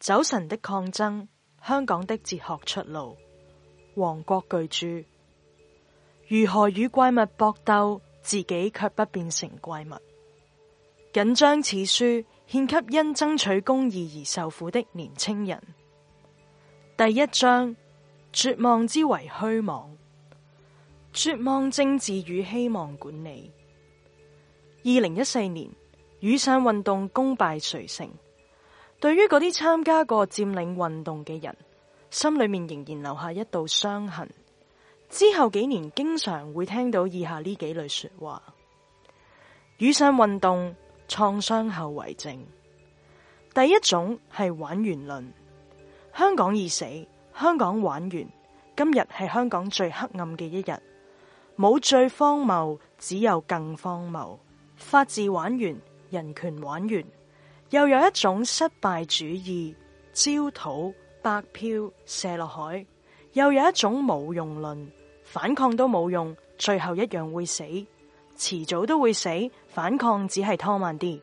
酒神的抗爭，香港的哲學出路。黃國鉅著，如何與怪物搏鬥，自己卻不變成怪物。謹將此書獻給因爭取公義而受苦的年輕人。第一章：絕望之為虛妄，絕望政治與希望管理。二零一四年雨傘運動功敗垂成。對於嗰啲參加過佔領運動嘅人，心裏面仍然留下一道傷痕。之後幾年，經常會聽到以下呢幾類說話：雨傘運動創傷後遺症。第一種係玩完論，香港已死，香港玩完，今日係香港最黑暗嘅一日。冇最荒謬，只有更荒謬。法治玩完，人權玩完。又有一種失敗主義，焦土白票、卸落海；又有一種冇用論，反抗都冇用，最後一樣會死，遲早都會死，反抗只係拖慢啲。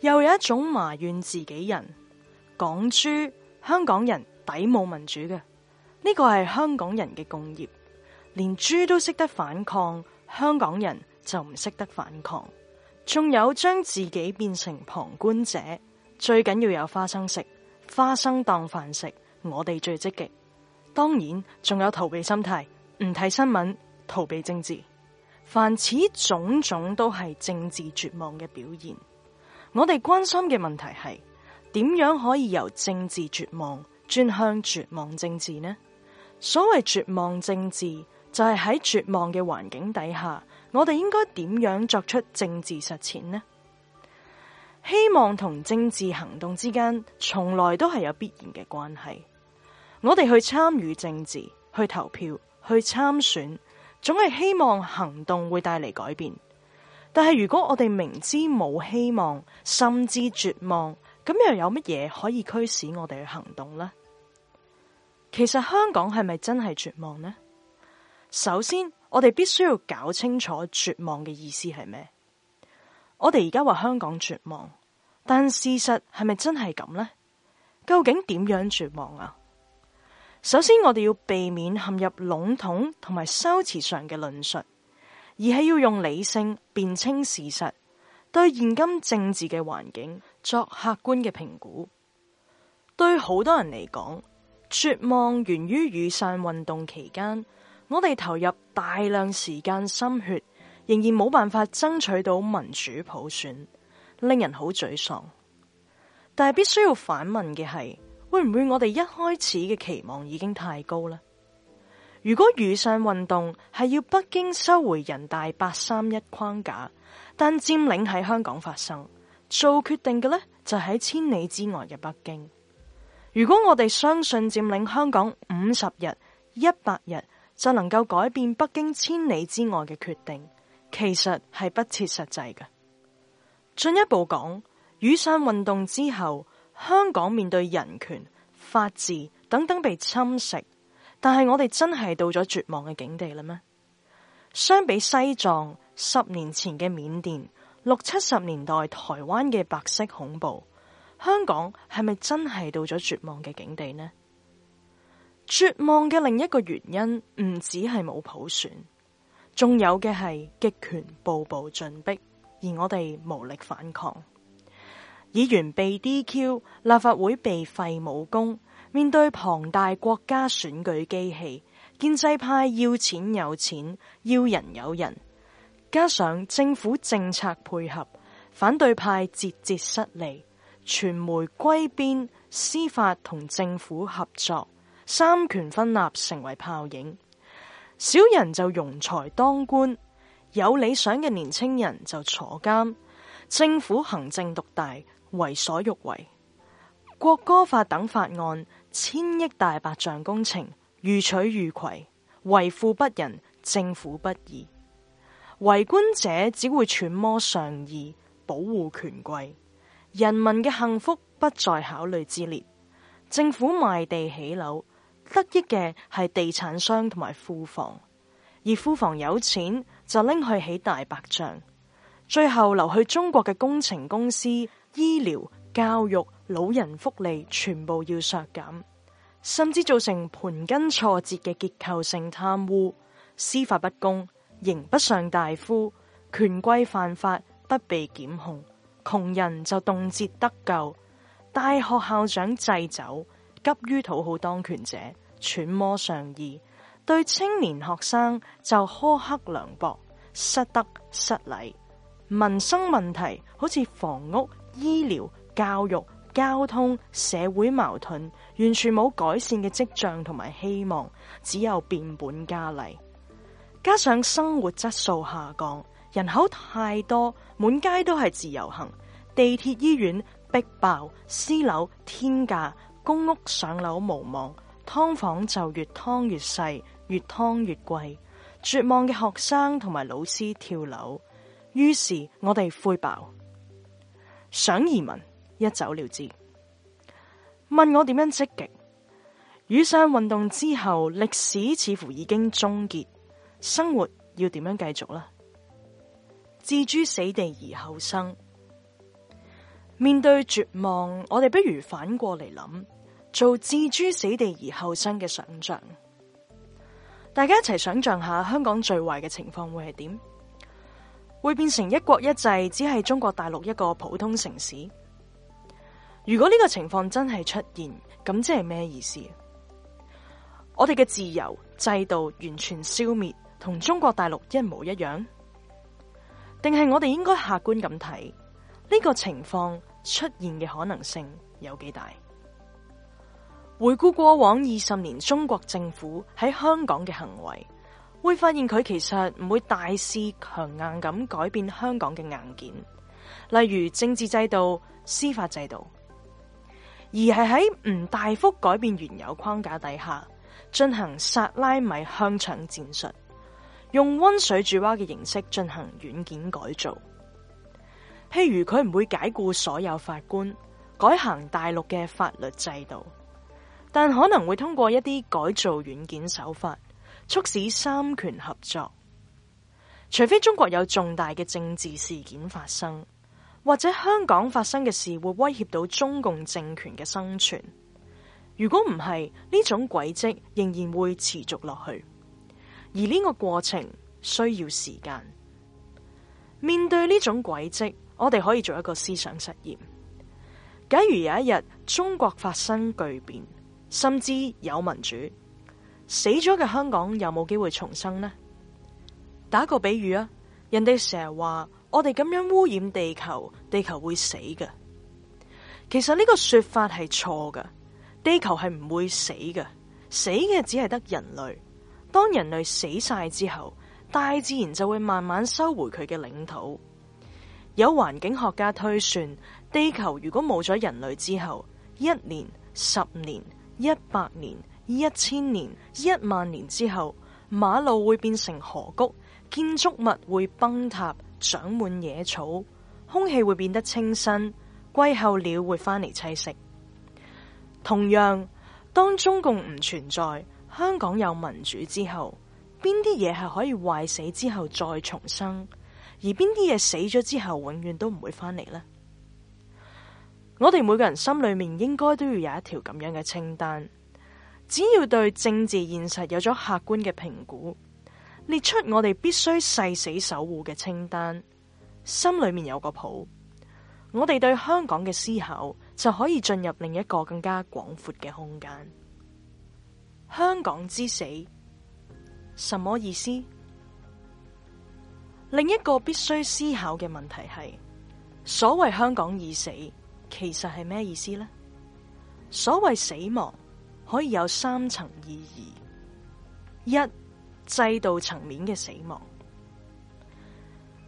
又有一種埋怨自己人，港豬，香港人抵冇民主嘅，呢個係香港人嘅共業，連豬都識得反抗，香港人就唔識得反抗。仲有將自己變成旁觀者。最緊要有花生食，花生當飯食，我哋最積極。當然仲有逃避心態，唔睇新聞，逃避政治。凡此種種都係政治絕望嘅表現。我哋關心嘅問題係，點樣可以由政治絕望轉向絕望政治呢？所謂絕望政治，就係喺絕望嘅環境底下，我哋應該點樣作出政治實踐呢？希望同政治行動之間從來都係有必然嘅關係。我哋去參與政治、去投票、去參選，總係希望行動會帶嚟改變。但係如果我哋明知冇希望，甚至絕望，咁又有乜嘢可以驅使我哋去行動呢？其實香港係咪真係絕望呢？首先，我哋必須要搞清楚絕望嘅意思係咩？我哋而家話香港絕望，但事實係咪真係咁呢？究竟點樣絕望啊？首先，我哋要避免陷入籠統同埋修辭上嘅論述，而係要用理性辨清事實，對現今政治嘅環境作客觀嘅評估。對好多人嚟講，絕望源於雨傘運動期間，我哋投入大量時間心血。仍然冇辦法爭取到民主普選，令人好沮喪。但係必須要反問嘅係，會唔會我哋一開始嘅期望已經太高啦？如果雨傘運動係要北京收回人大八三一框架，但佔領喺香港發生，做決定嘅咧就喺、是、千里之外嘅北京。如果我哋相信佔領香港五十日、一百日就能夠改變北京千里之外嘅決定？其實係不切實際嘅。進一步講，雨傘運動之後，香港面對人權、法治等等被侵蝕，但係我哋真係到咗絕望嘅境地啦咩？相比西藏、十年前嘅緬甸、六七十年代台灣嘅白色恐怖，香港係咪真係到咗絕望嘅境地呢？絕望嘅另一個原因，唔止係冇普選。仲有嘅係，極權步步進逼，而我哋無力反抗。議員被 DQ，立法會被廢武功。面對龐大國家選舉機器，建制派要錢有錢，要人有人，加上政府政策配合，反對派節節失利。傳媒歸邊，司法同政府合作，三權分立成為泡影。小人就庸才當官，有理想嘅年青人就坐監。政府行政獨大，為所欲為。國歌法等法案，千億大白象工程，愈取愈攰，為富不仁，政府不義。為官者只會揣摩上意，保護權貴，人民嘅幸福不在考慮之列。政府賣地起樓。得益嘅係地產商同埋庫房，而庫房有錢就拎去起大白象，最後流去中國嘅工程公司、醫療、教育、老人福利，全部要削減，甚至造成盤根錯節嘅結構性貪污、司法不公、刑不上大夫、權貴犯法不被檢控，窮人就動輒得咎。大學校長祭酒。急於討好當權者，揣摩上意，對青年學生就苛刻涼薄，失德失禮。民生問題好似房屋、醫療、教育、交通、社會矛盾，完全冇改善嘅跡象同埋希望，只有變本加厲。加上生活質素下降，人口太多，滿街都係自由行，地鐵醫院逼爆，私樓天價。公屋上樓無望，劏房就越劏越細，越劏越貴。絕望嘅學生同埋老師跳樓，於是我哋灰爆，想移民一走了之。問我點樣積極？雨傘運動之後，歷史似乎已經終結，生活要點樣繼續呢？置諸死地而後生。面對絕望，我哋不如反過嚟諗，做置諸死地而後生嘅想象。大家一齊想象下，香港最壞嘅情況會係點？會變成一國一制，只係中國大陸一個普通城市？如果呢個情況真係出現，咁即係咩意思？我哋嘅自由制度完全消滅，同中國大陸一模一樣？定係我哋應該客觀咁睇？呢個情況出現嘅可能性有幾大？回顧過往二十年，中國政府喺香港嘅行為，會發現佢其實唔會大肆強硬咁改變香港嘅硬件，例如政治制度、司法制度，而係喺唔大幅改變原有框架底下，進行薩拉米香腸戰術，用溫水煮蛙嘅形式進行軟件改造。譬如佢唔會解雇所有法官，改行大陸嘅法律制度，但可能會通過一啲改造軟件手法，促使三權合作。除非中國有重大嘅政治事件發生，或者香港發生嘅事會威脅到中共政權嘅生存。如果唔係，呢種軌跡仍然會持續落去。而呢個過程需要時間。面對呢種軌跡。我哋可以做一個思想實驗。假如有一日中國發生巨變，甚至有民主，死咗嘅香港有冇機會重生呢？打個比喻啊，人哋成日話我哋咁樣污染地球，地球會死嘅。其實呢個說法係錯嘅，地球係唔會死嘅，死嘅只係得人類。當人類死晒之後，大自然就會慢慢收回佢嘅領土。有環境學家推算，地球如果冇咗人類之後，一年、十年、一百年、一千年、一萬年之後，馬路會變成河谷，建築物會崩塌，長滿野草，空氣會變得清新，季候鳥會返嚟棲息。同樣，當中共唔存在，香港有民主之後，邊啲嘢係可以壞死之後再重生？而邊啲嘢死咗之後，永遠都唔會翻嚟呢？我哋每個人心裏面應該都要有一條咁樣嘅清單，只要對政治現實有咗客觀嘅評估，列出我哋必須誓死守護嘅清單，心裏面有個譜，我哋對香港嘅思考就可以進入另一個更加廣闊嘅空間。香港之死，什麼意思？另一個必須思考嘅問題係，所謂香港已死，其實係咩意思呢？所謂死亡可以有三層意義：一、制度層面嘅死亡。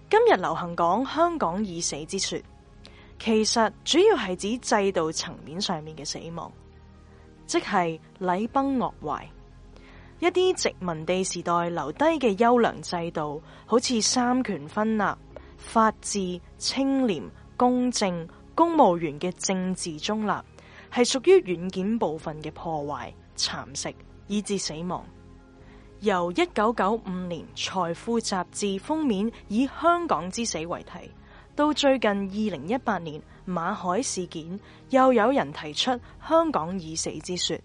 今日流行講香港已死之說，其實主要係指制度層面上面嘅死亡，即係禮崩樂壞。一啲殖民地時代留低嘅優良制度，好似三權分立、法治、清廉、公正、公務員嘅政治中立，係屬於軟件部分嘅破壞、蠶食以至死亡。由一九九五年《財富》雜誌封面以香港之死為題，到最近二零一八年馬凱事件，又有人提出香港已死之說，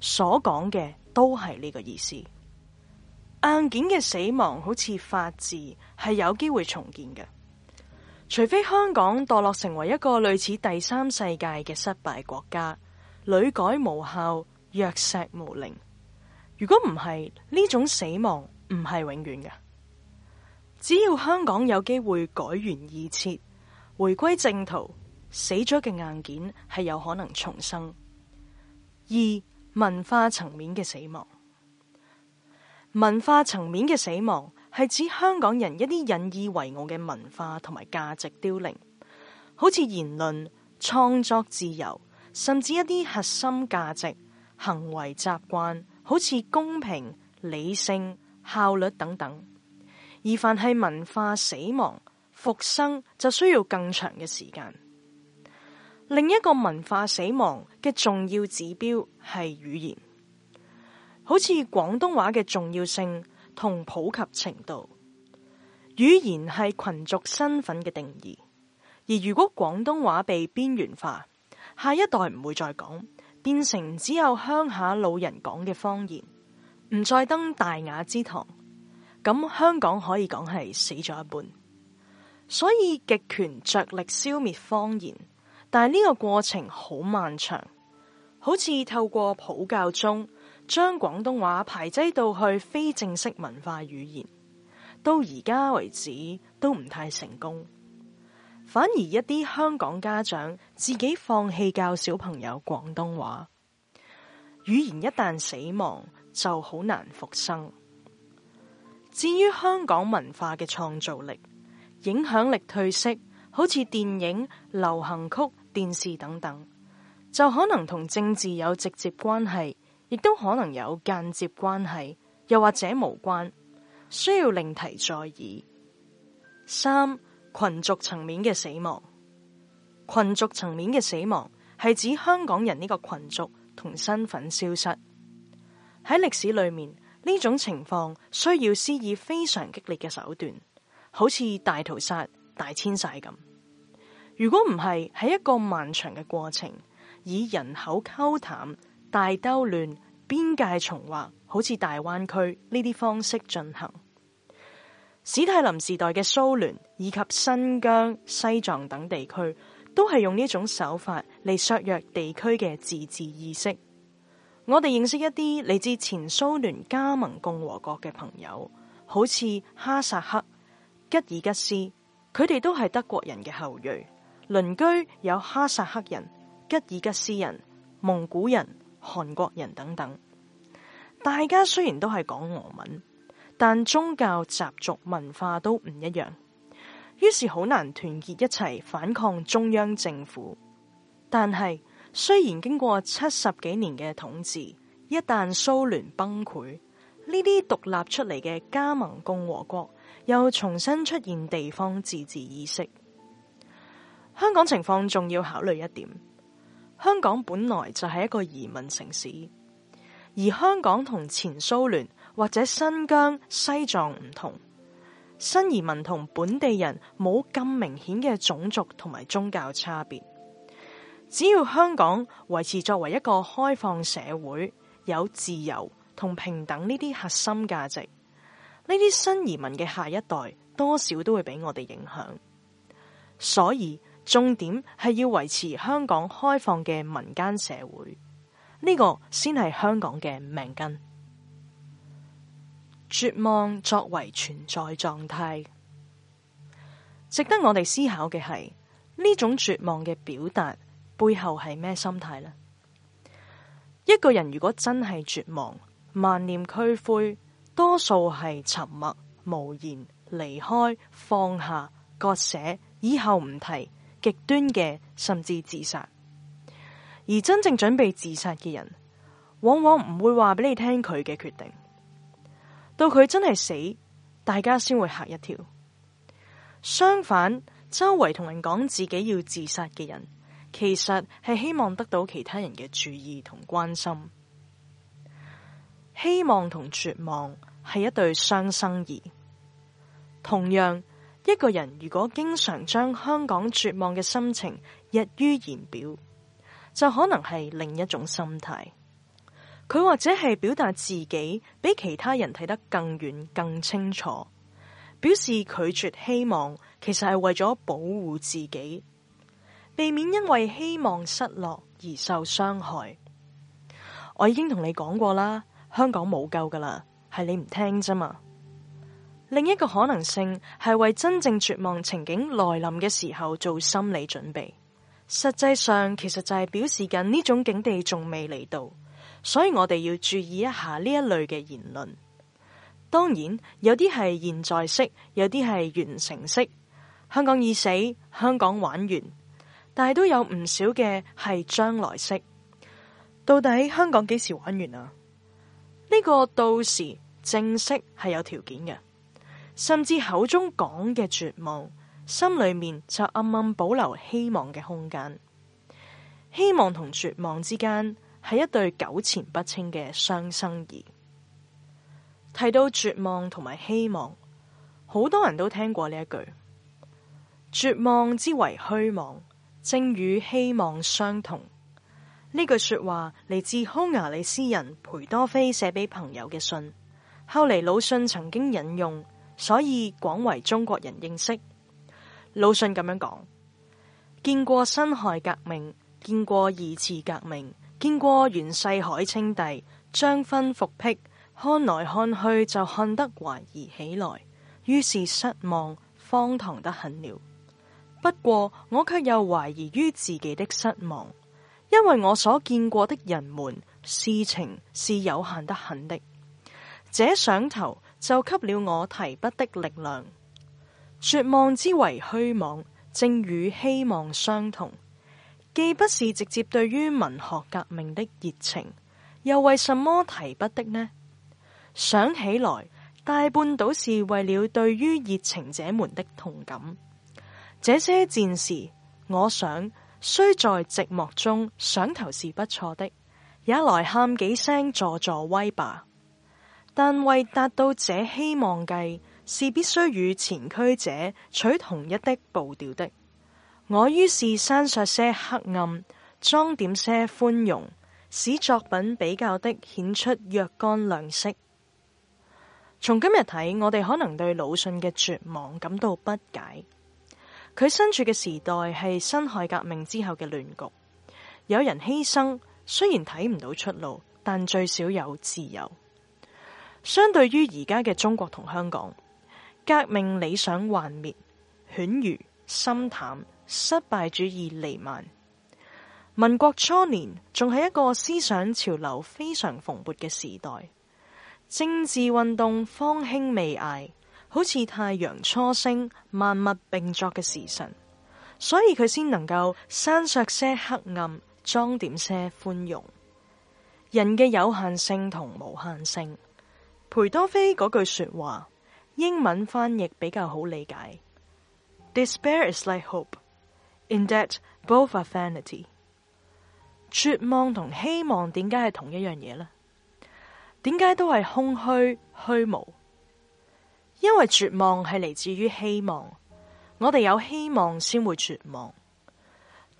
所講嘅。都係呢個意思。硬件嘅死亡，好似法治，係有機會重建嘅，除非香港墮落成為一個類似第三世界嘅失敗國家，屢改無效，藥石無靈。如果唔係，呢種死亡唔係永遠嘅，只要香港有機會改弦易轍，回歸正途，死咗嘅硬件係有可能重生。二文化層面嘅死亡，文化層面嘅死亡係指香港人一啲引以為傲嘅文化同埋價值凋零，好似言論、創作自由，甚至一啲核心價值、行為習慣，好似公平、理性、效率等等。而凡係文化死亡、復生，就需要更長嘅時間。另一個文化死亡嘅重要指標係語言，好似廣東話嘅重要性同普及程度。語言係群族身份嘅定義，而如果廣東話被邊緣化，下一代唔會再講，變成只有鄉下老人講嘅方言，唔再登大雅之堂，咁香港可以講係死咗一半。所以極權着力消滅方言。但係呢個過程好漫長，好似透過普教中將廣東話排擠到去非正式文化語言，到而家為止都唔太成功。反而一啲香港家長自己放棄教小朋友廣東話，語言一旦死亡就好難復生。至於香港文化嘅創造力、影響力退色，好似電影、流行曲、電視等等，就可能同政治有直接關係，亦都可能有間接關係，又或者無關，需要另提再議。三、群族層面嘅死亡，群族層面嘅死亡係指香港人呢個群族同身份消失。喺歷史裏面呢種情況需要施以非常激烈嘅手段，好似大屠殺、大遷徙咁。如果唔係喺一個漫長嘅過程，以人口溝淡大兜亂、邊界重劃，好似大灣區呢啲方式進行，史泰林時代嘅蘇聯以及新疆、西藏等地區，都係用呢種手法嚟削弱地區嘅自治意識。我哋認識一啲嚟自前蘇聯加盟共和國嘅朋友，好似哈薩克、吉爾吉斯，佢哋都係德國人嘅後裔。鄰居有哈薩克人、吉爾吉斯人、蒙古人、韓國人等等，大家雖然都係講俄文，但宗教、習俗、文化都唔一樣，於是好難團結一齊反抗中央政府。但係雖然經過七十幾年嘅統治，一旦蘇聯崩潰，呢啲獨立出嚟嘅加盟共和國又重新出現地方自治意識。香港情況仲要考慮一點。香港本來就係一個移民城市，而香港同前蘇聯或者新疆、西藏唔同，新移民同本地人冇咁明顯嘅種族同埋宗教差別。只要香港維持作為一個開放社會，有自由同平等呢啲核心價值，呢啲新移民嘅下一代多少都會俾我哋影響，所以。重點係要維持香港開放嘅民間社會，呢個先係香港嘅命根。絕望作為存在狀態，值得我哋思考嘅係呢種絕望嘅表達背後係咩心態呢？一個人如果真係絕望，萬念俱灰，多數係沉默、無言、離開、放下、割捨，以後唔提。極端嘅，甚至自殺，而真正準備自殺嘅人，往往唔會話俾你聽佢嘅決定。到佢真係死，大家先會吓一跳。相反，周圍同人講自己要自殺嘅人，其實係希望得到其他人嘅注意同關心。希望同絕望係一對雙生兒，同樣。一個人如果經常將香港絕望嘅心情溢於言表，就可能係另一種心態。佢或者係表達自己比其他人睇得更遠、更清楚，表示拒絕希望，其實係為咗保護自己，避免因為希望失落而受傷害。我已經同你講過啦，香港冇救㗎喇，係你唔聽啫嘛。另一個可能性係為真正絕望情景來臨嘅時候做心理準備。實際上，其實就係表示緊呢種境地仲未嚟到，所以我哋要注意一下呢一類嘅言論。當然有啲係現在式，有啲係完成式。香港已死，香港玩完，但係都有唔少嘅係將來式。到底香港幾時玩完啊？呢、呢個到時正式係有條件嘅。甚至口中講嘅絕望，心裏面就暗暗保留希望嘅空間。希望同絕望之間係一對糾纏不清嘅雙生兒。提到絕望同埋希望，好多人都聽過呢一句：絕望之為虛妄，正與希望相同。呢句說話嚟自匈牙利詩人裴多菲寫俾朋友嘅信，後嚟魯迅曾經引用。所以廣為中國人認識，魯迅咁樣講：見過辛亥革命，見過二次革命，見過袁世凱稱帝、張勳復辟，看來看去就看得懷疑起來，於是失望、荒唐得很了。不過我卻又懷疑於自己的失望，因為我所見過的人們、事情是有限得很的，這想頭。就給了我提筆的力量。絕望之為虛妄，正與希望相同。既不是直接對於文學革命的熱情，又為什麼提筆的呢？想起來，大半倒是為了對於熱情者們的同感。這些戰士，我想雖在寂寞中，想頭是不錯的，也來喊幾聲助助威吧。但為達到這希望計，是必須與前驅者取同一的步調的。我於是刪削些黑暗，裝點些寬容，使作品比較的顯出若干亮色。從今日睇，我哋可能對魯迅嘅絕望感到不解。佢身處嘅時代係辛亥革命之後嘅亂局，有人犧牲，雖然睇唔到出路，但最少有自由。相對於而家嘅中國同香港，革命理想幻滅，犬儒心淡，失敗主義彌漫。民國初年仲係一個思想潮流非常蓬勃嘅時代，政治運動方興未艾，好似太陽初升，萬物並作嘅時辰，所以佢先能夠刪削些黑暗，裝點些寬容。人嘅有限性同無限性。裴多菲嗰句說話，英文翻譯比較好理解。Despair is like hope, in that both are vanity。絕望同希望點解係同一樣嘢呢？點解都係空虛虛無？因為絕望係嚟自於希望，我哋有希望先會絕望。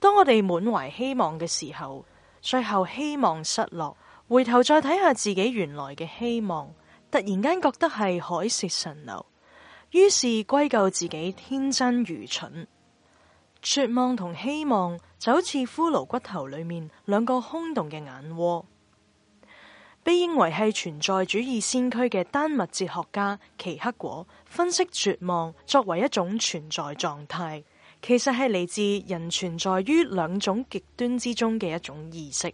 當我哋滿懷希望嘅時候，最後希望失落，回頭再睇下自己原來嘅希望。突然間覺得係海市蜃樓，於是歸咎自己天真愚蠢。絕望同希望就好似骷髏骨頭裏面兩個空洞嘅眼窩。被認為係存在主義先驅嘅丹麥哲學家齊克果分析絕望作為一種存在狀態，其實係嚟自人存在於兩種極端之中嘅一種意識：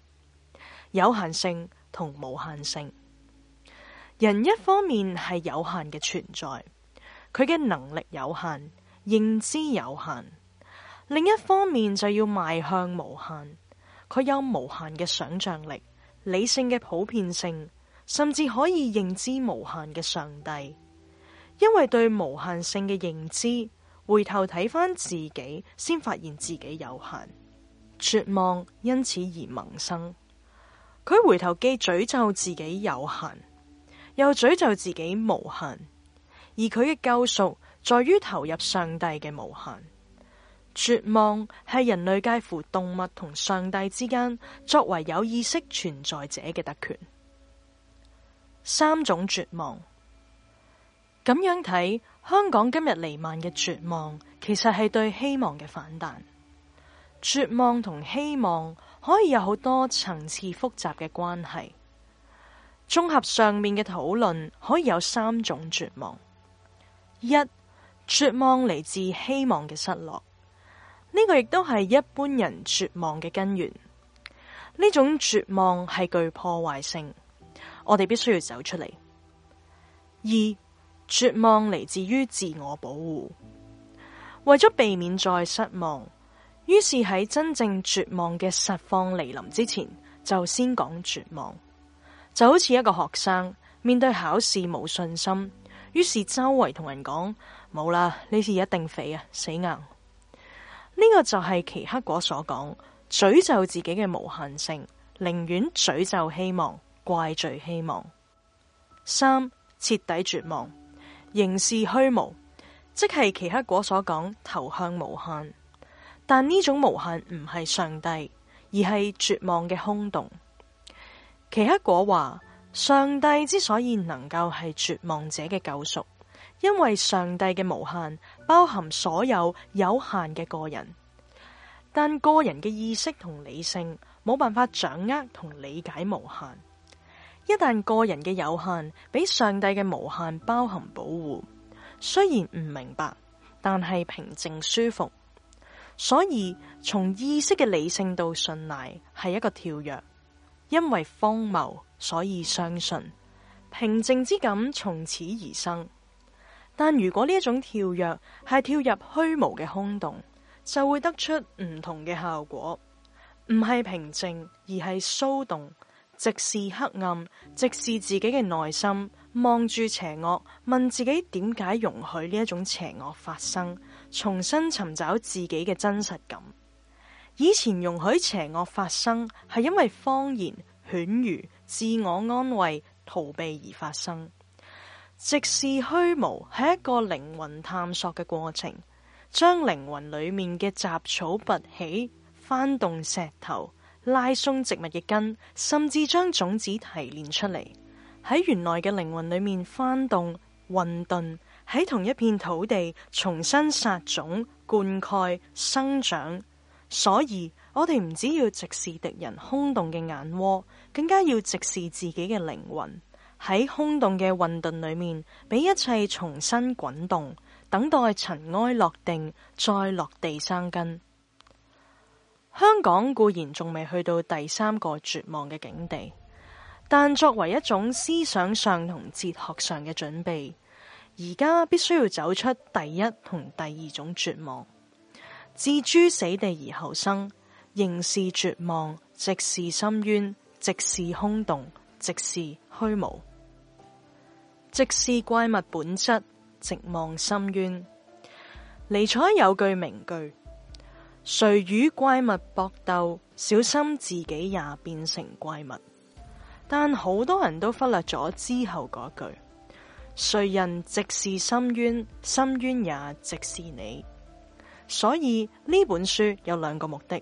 有限性同無限性。人一方面係有限嘅存在，佢嘅能力有限，認知有限；另一方面就要邁向無限，佢有無限嘅想象力、理性嘅普遍性，甚至可以認知無限嘅上帝。因為對無限性嘅認知，回頭睇返自己，先發現自己有限，絕望因此而萌生。佢回頭既詛咒自己有限。又詛咒自己無限，而佢嘅救贖在於投入上帝嘅無限。絕望係人類介乎動物同上帝之間作為有意識存在者嘅特權。三種絕望。咁樣睇，香港今日彌漫嘅絕望，其實係對希望嘅反彈。絕望同希望可以有好多層次複雜嘅關係。綜合上面嘅討論，可以有三種絕望。一、絕望嚟自希望嘅失落，呢、這個亦都係一般人絕望嘅根源。呢種絕望係具破壞性，我哋必須要走出嚟。二、絕望嚟自於自我保護，為咗避免再失望，於是喺真正絕望嘅實況嚟臨之前，就先講絕望。就好似一個學生面對考試冇信心，於是周圍同人講冇啦，呢次一定肥啊，死硬！呢、這個就係奇克果所講，詛咒自己嘅無限性，寧願詛咒希望，怪罪希望。三、徹底絕望，凝視虛無，即係奇克果所講投向無限，但呢種無限唔係上帝，而係絕望嘅空洞。奇克果話，上帝之所以能夠係絕望者嘅救贖，因為上帝嘅無限包含所有有限嘅個人，但個人嘅意識同理性冇辦法掌握同理解無限。一旦個人嘅有限俾上帝嘅無限包含保護，雖然唔明白，但係平靜舒服。所以從意識嘅理性到信賴係一個跳躍。因為荒謬，所以相信，平靜之感從此而生。但如果呢一種跳躍係跳入虛無嘅空洞，就會得出唔同嘅效果，唔係平靜，而係騷動，直視黑暗，直視自己嘅內心，望住邪惡，問自己點解容許呢一種邪惡發生，重新尋找自己嘅真實感。以前容許邪惡發生，係因為謊言、犬儒、自我安慰、逃避而發生。直視虛無係一個靈魂探索嘅過程，將靈魂裏面嘅雜草拔起，翻動石頭，拉鬆植物嘅根，甚至將種子提煉出嚟，喺原來嘅靈魂裏面翻動、混沌，喺同一片土地重新撒種、灌溉、生長。所以，我哋唔只要直視敵人空洞嘅眼窩，更加要直視自己嘅靈魂。喺空洞嘅混沌裏面，俾一切重新滾動，等待塵埃落定，再落地生根。香港固然仲未去到第三個絕望嘅境地，但作為一種思想上同哲學上嘅準備，而家必須要走出第一同第二種絕望。置諸死地而後生，仍是絕望，直視深淵，直視空洞，直視虛無，直視怪物本質。直望深淵。尼采有句名句：誰與怪物搏鬥，小心自己也變成怪物。但好多人都忽略咗之後嗰句：誰人直視深淵，深淵也直視你。所以呢本書有兩個目的，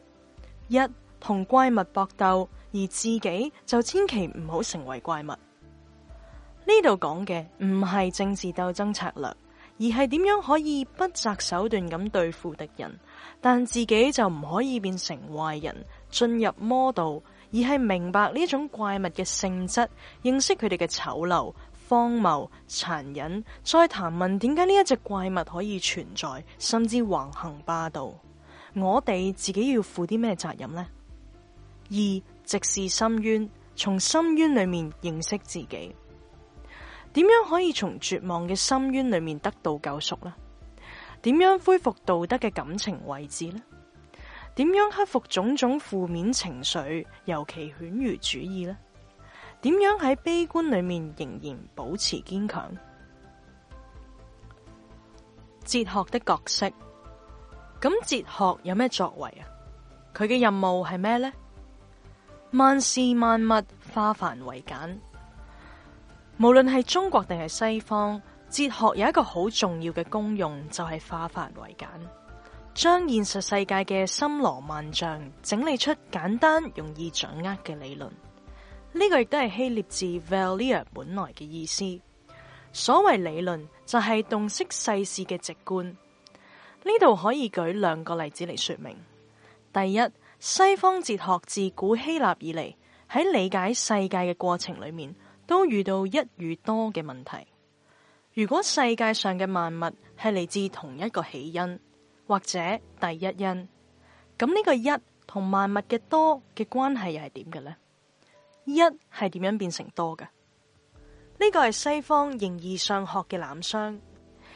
一，同怪物搏鬥，而自己就千祈唔好成為怪物。呢度講嘅唔係政治鬥爭策略，而係點樣可以不擇手段咁對付敵人，但自己就唔可以變成壞人，進入魔道，而係明白呢種怪物嘅性質，認識佢哋嘅醜陋。荒謬、殘忍，再談問點解呢一隻怪物可以存在，甚至橫行霸道？我哋自己要負啲咩責任呢？二直視深淵，從深淵裏面認識自己。點樣可以從絕望嘅深淵裏面得到救贖呢？點樣恢復道德嘅感情位置呢？點樣克服種種負面情緒，尤其犬儒主義呢？點樣喺悲觀裏面仍然保持堅強？哲學的角色，咁哲學有咩作為啊？佢嘅任務係咩呢？萬事萬物化繁為簡，無論係中國定係西方，哲學有一個好重要嘅功用，就係、是、化繁為簡，將現實世界嘅森羅萬象整理出簡單容易掌握嘅理論。呢個亦都係希臘字 valia 本來嘅意思。所謂理論就係洞悉世事嘅直觀。呢度可以舉兩個例子嚟說明。第一，西方哲學自古希臘以來喺理解世界嘅過程裏面，都遇到一與多嘅問題。如果世界上嘅萬物係嚟自同一個起因或者第一因，咁呢個一同萬物嘅多嘅關係又係點嘅呢？一係點樣變成多嘅？呢個係西方形而上學嘅濫觴，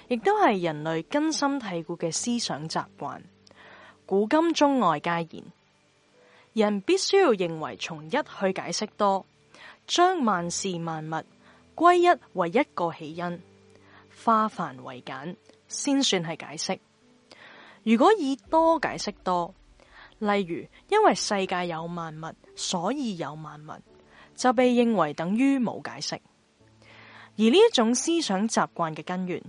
亦都係人類根深蒂固嘅思想習慣。古今中外皆然，人必須要認為從一去解釋多，將萬事萬物歸一為一個起因，化繁為簡，先算係解釋。如果以多解釋多，例如因為世界有萬物，所以有萬物。就被認為等於冇解釋，而呢一種思想習慣嘅根源，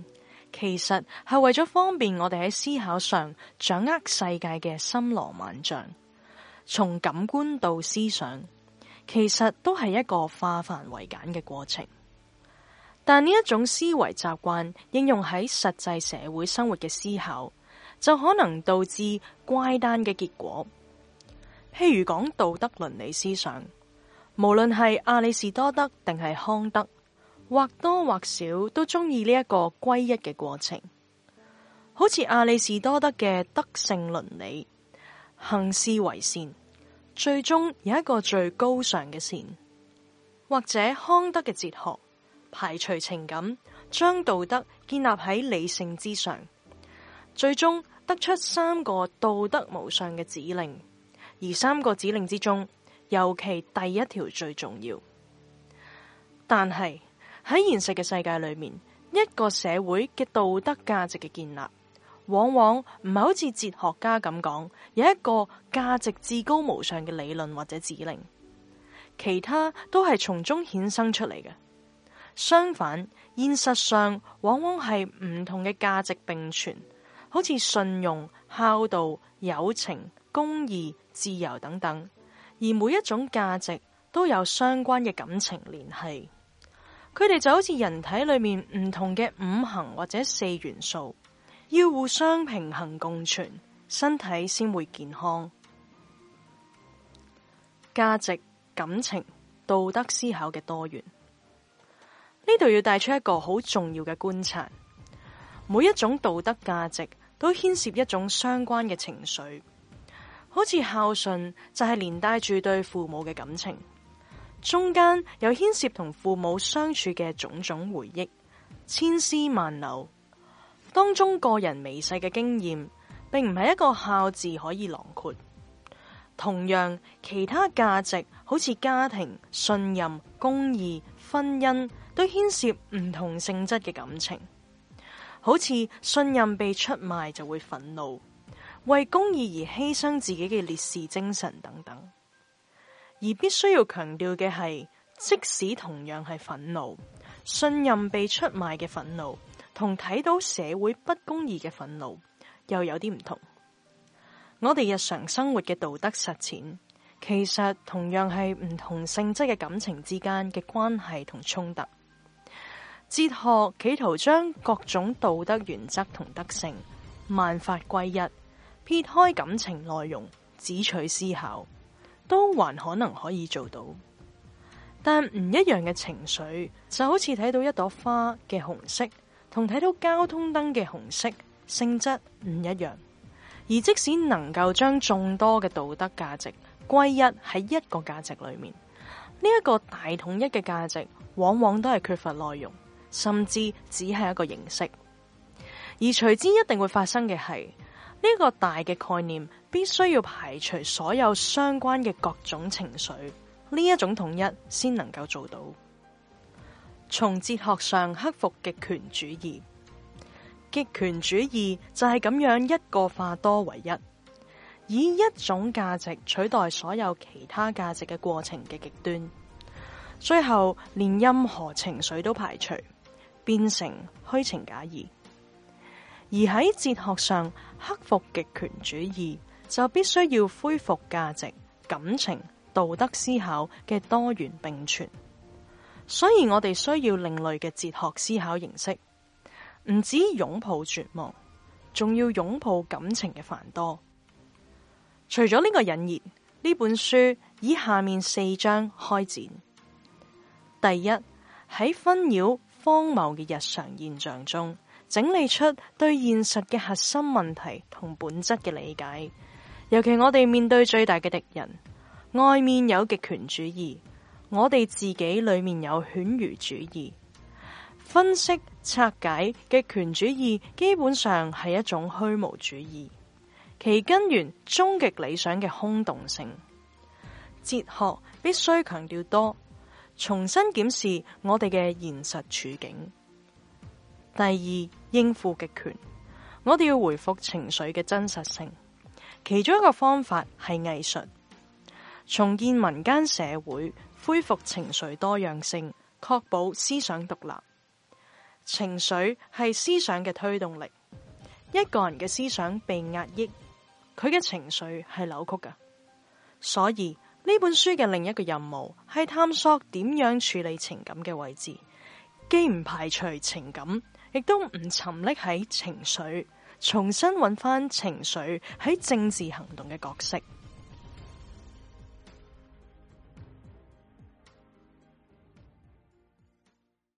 其實係為咗方便我哋喺思考上掌握世界嘅森羅萬象，從感官到思想，其實都係一個化繁為簡嘅過程。但呢一種思維習慣應用喺實際社會生活嘅思考，就可能導致怪誕嘅結果。譬如講道德倫理思想。無論係阿里士多德定係康德，或多或少都中意呢一個歸一嘅過程。好似阿里士多德嘅德性倫理，行善為善，最終有一個最高尚嘅善；或者康德嘅哲學，排除情感，將道德建立喺理性之上，最終得出三個道德無上嘅指令。而三個指令之中。尤其第一條最重要，但係喺現實嘅世界裏面，一個社會嘅道德價值嘅建立，往往唔係好似哲學家咁講，有一個價值至高無上嘅理論或者指令，其他都係從中衍生出嚟嘅。相反，現實上往往係唔同嘅價值並存，好似信用、孝道、友情、公義、自由等等。而每一種價值都有相關嘅感情聯繫，佢哋就好似人體裏面唔同嘅五行或者四元素，要互相平衡共存，身體先會健康。價值、感情、道德、思考嘅多元，呢度要帶出一個好重要嘅觀察：每一種道德價值都牽涉一種相關嘅情緒。好似孝順就係連帶住對父母嘅感情，中間有牽涉同父母相處嘅種種回憶，千絲萬縷。當中個人微細嘅經驗，並唔係一個孝字可以囊括。同樣，其他價值好似家庭、信任、公義、婚姻，都牽涉唔同性質嘅感情。好似信任被出賣就會憤怒。為公義而犧牲自己嘅烈士精神等等，而必須要強調嘅係，即使同樣係憤怒，信任被出賣嘅憤怒，同睇到社會不公義嘅憤怒，又有啲唔同。我哋日常生活嘅道德實踐，其實同樣係唔同性質嘅感情之間嘅關係同衝突。哲學企圖將各種道德原則同德性，萬法歸一。撇開感情內容，只取思考，都還可能可以做到。但唔一樣嘅情緒就好似睇到一朵花嘅紅色，同睇到交通燈嘅紅色性質唔一樣。而即使能夠將眾多嘅道德價值歸一喺一個價值裏面，呢一個大統一嘅價值，往往都係缺乏內容，甚至只係一個形式。而隨之一定會發生嘅係。呢個大嘅概念，必須要排除所有相關嘅各種情緒，呢一種統一先能夠做到。從哲學上克服極權主義，極權主義就係咁樣一個化多為一，以一種價值取代所有其他價值嘅過程嘅極端，最後連任何情緒都排除，變成虛情假意。而喺哲學上，克服極權主義就必須要恢復價值、感情、道德思考嘅多元並存，所以我哋需要另類嘅哲學思考形式，唔止擁抱絕望，仲要擁抱感情嘅繁多。除咗呢個引言，呢本書以下面四章開展：第一，喺紛擾荒謬嘅日常現象中，整理出對現實嘅核心問題同本質嘅理解，尤其我哋面對最大嘅敵人，外面有極權主義，我哋自己裏面有犬儒主義。分析拆解極權主義，基本上係一種虛無主義，其根源終極理想嘅空洞性。哲學必須強調多，重新檢視我哋嘅現實處境。第二，應付極權，我哋要回復情緒嘅真實性。其中一個方法係藝術，重建民間社會，恢復情緒多樣性，確保思想獨立。情緒係思想嘅推動力。一個人嘅思想被壓抑，佢嘅情緒係扭曲噶。所以呢本書嘅另一個任務係探索點樣處理情感嘅位置，既唔排除情感。亦都唔沉溺喺情緒，重新揾返情緒，喺政治行動嘅角色。